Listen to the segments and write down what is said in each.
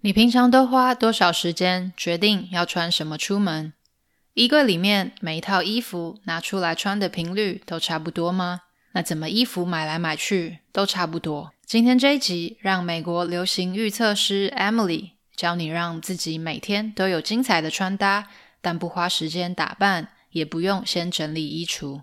你平常都花多少時間決定要穿什麼出門？衣櫃裡面每一套衣服拿出來穿的頻率都差不多嗎？那怎麼衣服買來買去都差不多？今天這一集，讓美國流行預測師 Emily 教你讓自己每天都有精彩的穿搭，但不花時間打扮，也不用先整理衣櫥。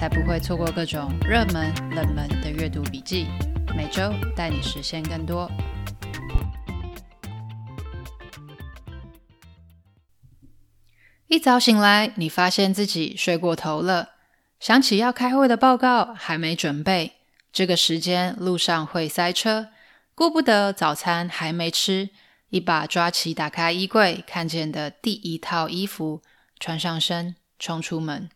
才不會錯過各種熱門、冷門的閱讀筆記，每周帶你實現更多。一早醒來，你發現自己睡過頭了，想起要開會的報告還沒準備，這個時間路上會塞車，顧不得早餐還沒吃，一把抓起打開衣櫃，看見的第一套衣服，穿上身，衝出門。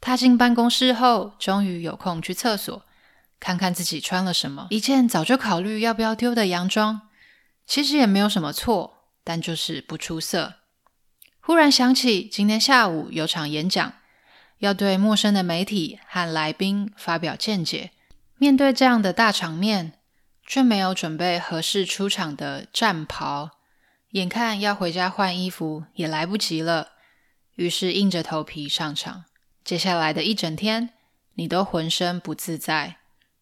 踏進辦公室後，終於有空去廁所看看自己穿了什麼。一件早就考慮要不要丟的洋裝，其實也沒有什麼錯，但就是不出色。忽然想起今天下午有場演講，要對陌生的媒體和來賓發表見解。面對這樣的大場面，卻沒有準備合適出場的戰袍，眼看要回家換衣服也來不及了，於是硬着頭皮上場。接下來的一整天，你都渾身不自在，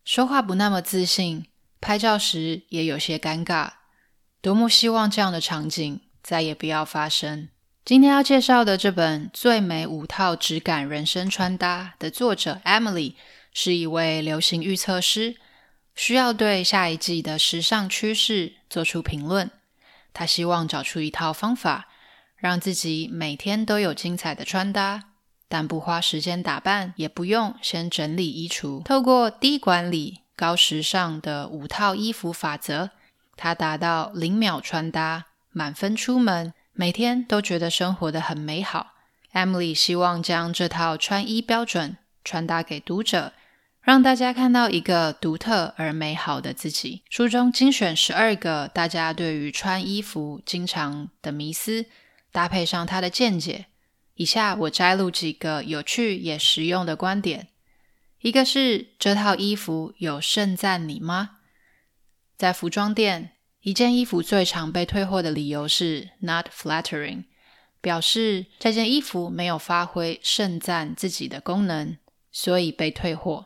說話不那麼自信，拍照時也有些尷尬。多麼希望這樣的場景再也不要發生。今天要介紹的這本《最美五套質感人生穿搭》的作者 Emily 是一位流行預測師，需要對下一季的時尚趨勢做出評論。她希望找出一套方法，讓自己每天都有精彩的穿搭。但不花時間打扮，也不用先整理衣櫥。透過低管理、高時尚的五套衣服法則，她達到零秒穿搭、滿分出門，每天都覺得生活得很美好。Emily 希望將這套穿衣標準傳達給讀者，讓大家看到一個獨特而美好的自己。書中精選十二個大家對於穿衣服經常的迷思，搭配上她的見解。以下我摘錄幾個有趣也實用的觀點。一個是，這套衣服有盛讚你嗎？在服裝店，一件衣服最常被退貨的理由是 not flattering，表示這件衣服沒有發揮盛讚自己的功能，所以被退貨。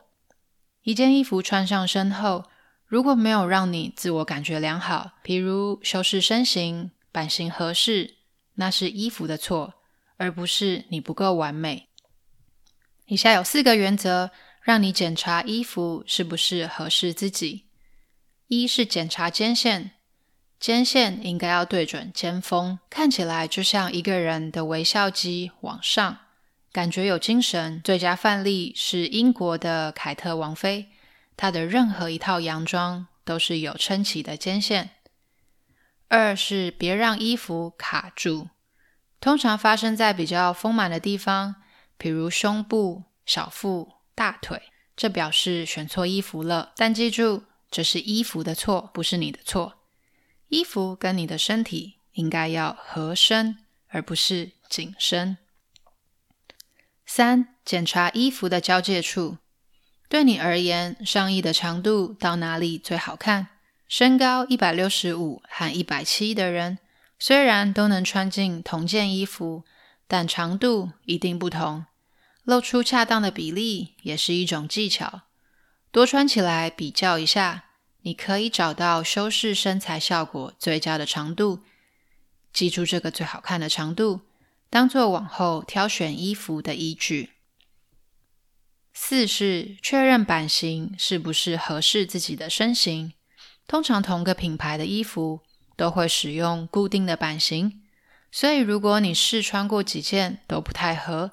一件衣服穿上身後，如果沒有讓你自我感覺良好，譬如修飾身形、版型合適，那是衣服的錯。而不是你不夠完美。以下有四個原則，讓你檢查衣服是不是合適自己。一是檢查肩線，肩線應該要對準肩峰，看起來就像一個人的微笑肌往上，感覺有精神。最佳範例是英國的凱特王妃，她的任何一套洋裝都是有撐起的肩線。二是別讓衣服卡住。通常發生在比較豐滿的地方，比如胸部、小腹、大腿，這表示選錯衣服了。但記住，這是衣服的錯，不是你的錯。衣服跟你的身體應該要合身，而不是緊身。三、檢查衣服的交界處。對你而言，上衣的長度到哪裡最好看？身高一百六十五和一百七十的人。雖然都能穿進同件衣服，但長度一定不同。露出恰當的比例也是一種技巧。多穿起來比較一下，你可以找到修飾身材效果最佳的長度。記住這個最好看的長度，當作往後挑選衣服的依據。四是確認版型是不是合適自己的身形。通常同個品牌的衣服，都會使用固定的版型，所以如果你試穿過幾件都不太合，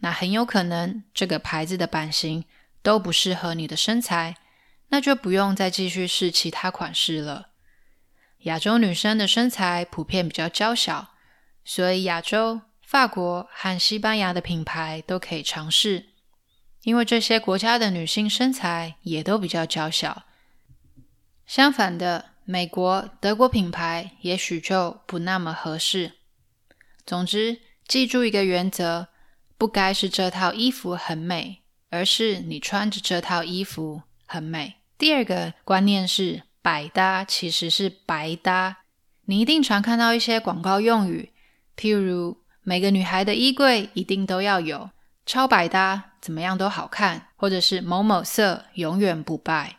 那很有可能這個牌子的版型都不適合你的身材，那就不用再繼續試其他款式了。亞洲女生的身材普遍比較嬌小，所以亞洲、法國和西班牙的品牌都可以嘗試，因為這些國家的女性身材也都比較嬌小。相反的，美國、德國品牌也許就不那麼合適。總之，記住一個原則：不該是這套衣服很美，而是你穿着這套衣服很美。第二個觀念是百搭，其實是白搭。你一定常看到一些廣告用語，譬如每個女孩的衣櫃一定都要有超百搭，怎麼樣都好看，或者是某某色永遠不敗。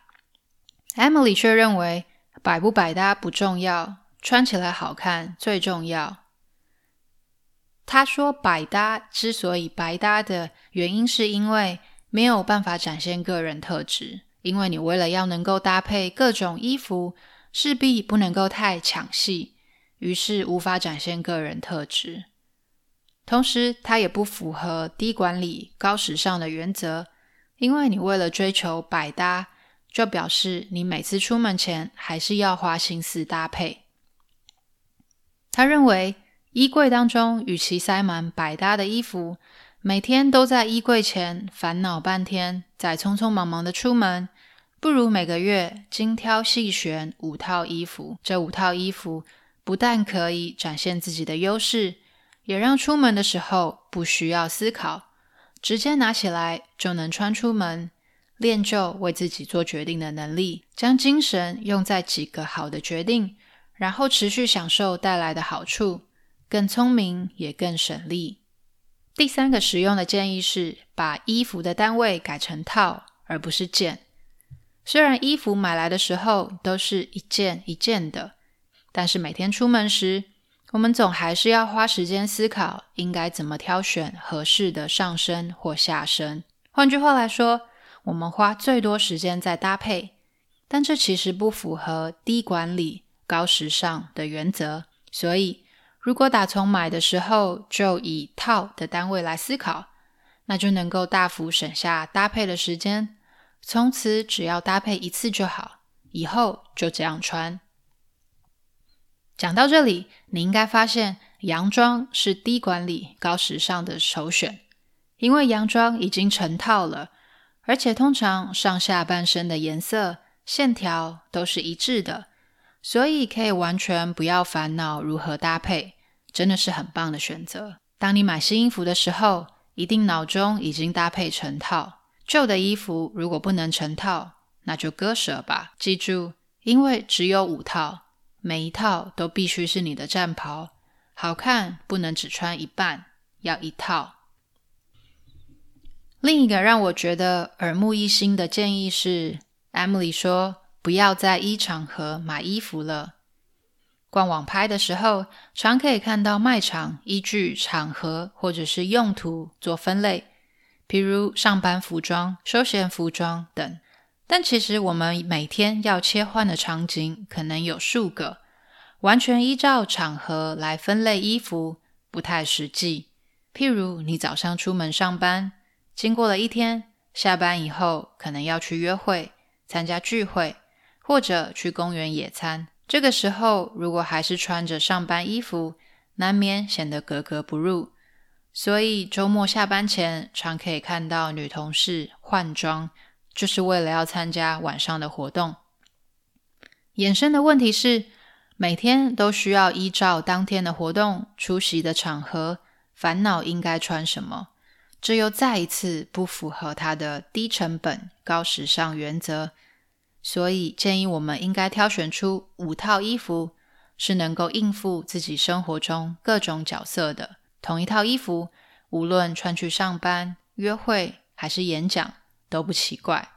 Emily 卻認為。百不百搭不重要，穿起來好看最重要。他說，百搭之所以百搭的原因，是因為沒有辦法展現個人特質，因為你為了要能夠搭配各種衣服，勢必不能夠太搶戲，於是無法展現個人特質。同時，他也不符合低管理高時尚的原則，因為你為了追求百搭。就表示你每次出門前還是要花心思搭配。他認為，衣櫃當中與其塞滿百搭的衣服，每天都在衣櫃前煩惱半天，再匆匆忙忙的出門，不如每個月精挑細選五套衣服。這五套衣服不但可以展現自己的優勢，也讓出門的時候不需要思考，直接拿起來就能穿出門。練就為自己做決定的能力，將精神用在幾個好的決定，然後持續享受帶來的好處，更聰明也更省力。第三個實用的建議是，把衣服的單位改成套，而不是件。雖然衣服買來的時候都是一件一件的，但是每天出門時，我們總還是要花時間思考應該怎麼挑選合適的上身或下身。換句話來說，我們花最多時間在搭配，但這其實不符合低管理高時尚的原則。所以，如果打從買的時候就以套的單位來思考，那就能夠大幅省下搭配的時間。從此只要搭配一次就好，以後就這樣穿。講到這裡，你應該發現洋裝是低管理高時尚的首選，因為洋裝已經成套了。而且通常上下半身的顏色線條都是一致的，所以可以完全不要煩惱如何搭配，真的是很棒的選擇。當你買新衣服的時候，一定腦中已經搭配成套。舊的衣服如果不能成套，那就割舍吧。記住，因為只有五套，每一套都必須是你的戰袍，好看不能只穿一半，要一套。另一個讓我覺得耳目一新的建議是，Emily 說：“不要再依場合買衣服了。逛網拍的時候，常可以看到賣場依據場合或者是用途做分類，譬如上班服裝、休閒服裝等。但其實我們每天要切換的場景可能有數個，完全依照場合來分類衣服不太實際。譬如你早上出門上班。”經過了一天，下班以後可能要去約會、參加聚會，或者去公園野餐。這個時候，如果還是穿着上班衣服，難免顯得格格不入。所以，週末下班前常可以看到女同事換裝，就是為了要參加晚上的活動。衍生的問題是，每天都需要依照當天的活動、出席的場合，煩惱應該穿什麼。這又再一次不符合他的低成本高時尚原則，所以建議我們應該挑選出五套衣服，是能夠應付自己生活中各種角色的。同一套衣服，無論穿去上班、約會還是演講，都不奇怪。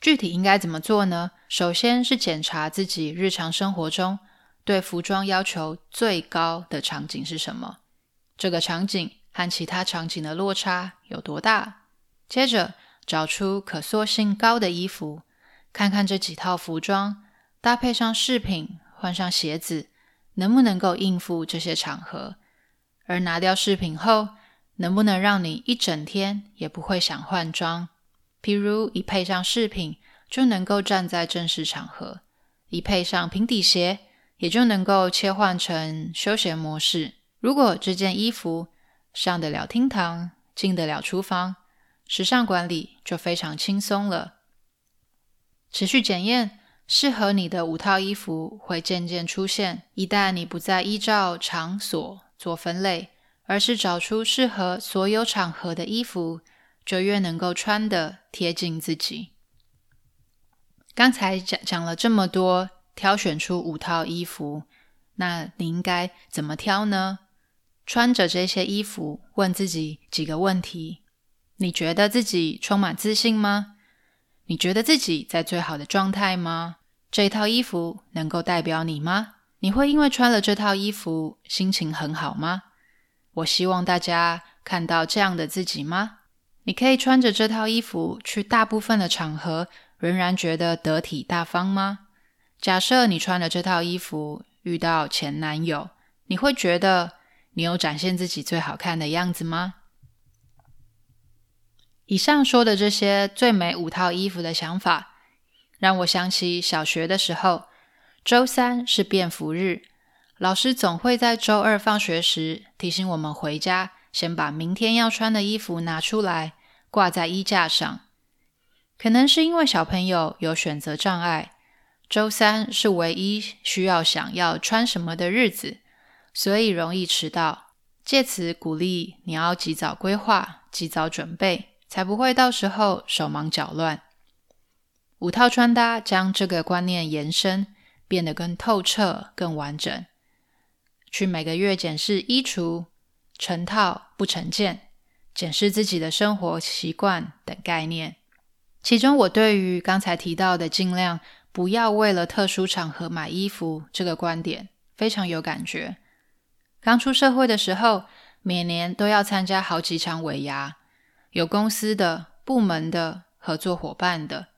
具體應該怎麼做呢？首先是檢查自己日常生活中對服裝要求最高的場景是什麼。這個場景。和其他場景的落差有多大？接着找出可塑性高的衣服，看看這幾套服裝搭配上飾品、換上鞋子，能不能夠應付這些場合？而拿掉飾品後，能不能讓你一整天也不會想換裝？譬如，一配上飾品就能夠站在正式場合，一配上平底鞋也就能夠切換成休閒模式。如果這件衣服，上得了廳堂，進得了廚房，時尚管理就非常輕鬆了。持續檢驗適合你的五套衣服會漸漸出現。一旦你不再依照場所做分類，而是找出適合所有場合的衣服，就越能夠穿得貼近自己。剛才講講了這麼多，挑選出五套衣服，那你應該怎麼挑呢？穿着這些衣服，問自己幾個問題：你覺得自己充滿自信嗎？你覺得自己在最好的狀態嗎？這套衣服能夠代表你嗎？你會因為穿了這套衣服心情很好嗎？我希望大家看到這樣的自己嗎？你可以穿着這套衣服去大部分的場合，仍然覺得得體大方嗎？假設你穿了這套衣服遇到前男友，你會覺得……你有展現自己最好看的樣子嗎？以上說的這些最美五套衣服的想法，讓我想起小學的時候，周三是便服日，老師總會在周二放學時提醒我們回家，先把明天要穿的衣服拿出來，掛在衣架上。可能是因為小朋友有選擇障礙，周三是唯一需要想要穿什麼的日子。所以容易遲到，借此鼓勵你要及早規劃、及早準備，才不會到時候手忙腳亂。五套穿搭將這個觀念延伸，變得更透徹、更完整。去每個月檢視衣櫥，成套不成件，檢視自己的生活習慣等概念。其中，我對於剛才提到的“盡量不要為了特殊場合買衣服”這個觀點非常有感覺。剛出社會的時候，每年都要參加好幾場尾牙，有公司的、部門的、合作夥伴的。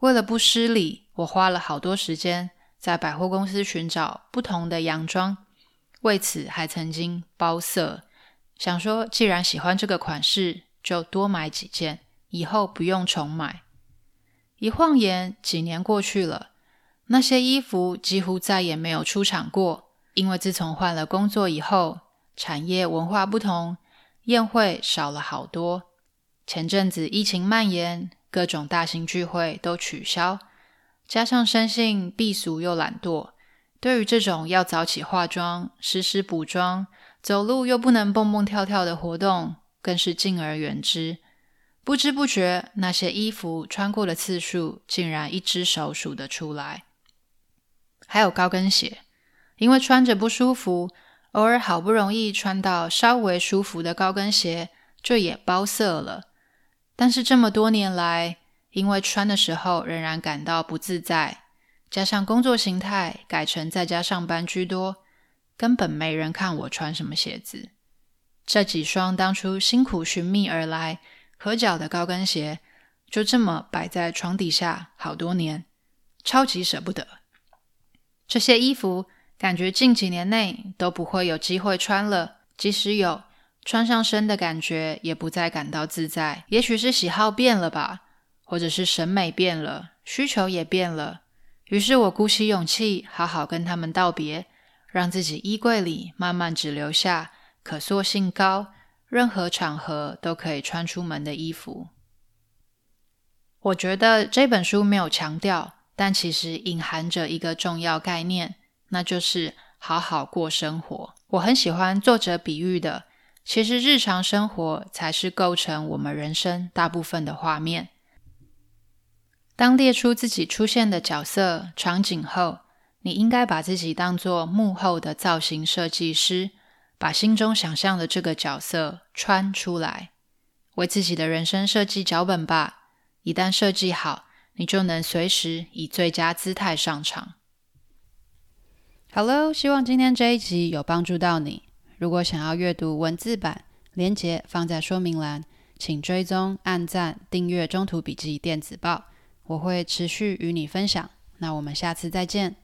為了不失禮，我花了好多時間在百貨公司尋找不同的洋裝，為此還曾經包色，想說既然喜歡這個款式，就多買幾件，以後不用重買。一晃眼，幾年過去了，那些衣服幾乎再也沒有出場過。因為自從換了工作以後，產業文化不同，宴會少了好多。前陣子疫情蔓延，各種大型聚會都取消，加上生性避俗又懶惰，對於這種要早起化妝、時時補妝、走路又不能蹦蹦跳跳的活動，更是敬而遠之。不知不覺，那些衣服穿過的次數竟然一只手數得出來，還有高跟鞋。因為穿着不舒服，偶爾好不容易穿到稍微舒服的高跟鞋，就也包色了。但是這麼多年來，因為穿的時候仍然感到不自在，加上工作形態改成在家上班居多，根本沒人看我穿什麼鞋子。這幾雙當初辛苦尋覓而來、合腳的高跟鞋，就這麼擺在床底下好多年，超級捨不得。這些衣服。感覺近幾年內都不會有機會穿了，即使有，穿上身的感覺也不再感到自在。也許是喜好變了吧，或者是審美變了，需求也變了。於是，我鼓起勇氣，好好跟他們道別，讓自己衣櫃裡慢慢只留下可塑性高、任何場合都可以穿出門的衣服。我覺得這本書沒有強調，但其實隱含着一個重要概念。那就是好好過生活。我很喜歡作者比喻的，其實日常生活才是構成我們人生大部分的畫面。當列出自己出現的角色場景後，你應該把自己當做幕後的造型設計師，把心中想象的這個角色穿出來，為自己的人生設計腳本吧。一旦設計好，你就能隨時以最佳姿態上場。哈嘍，Hello，希望今天這一集有幫助到你。如果想要閱讀文字版，鏈接放在說明欄，請追蹤、按贊、訂閱《中途筆記電子報》，我會持續與你分享。那我們下次再見。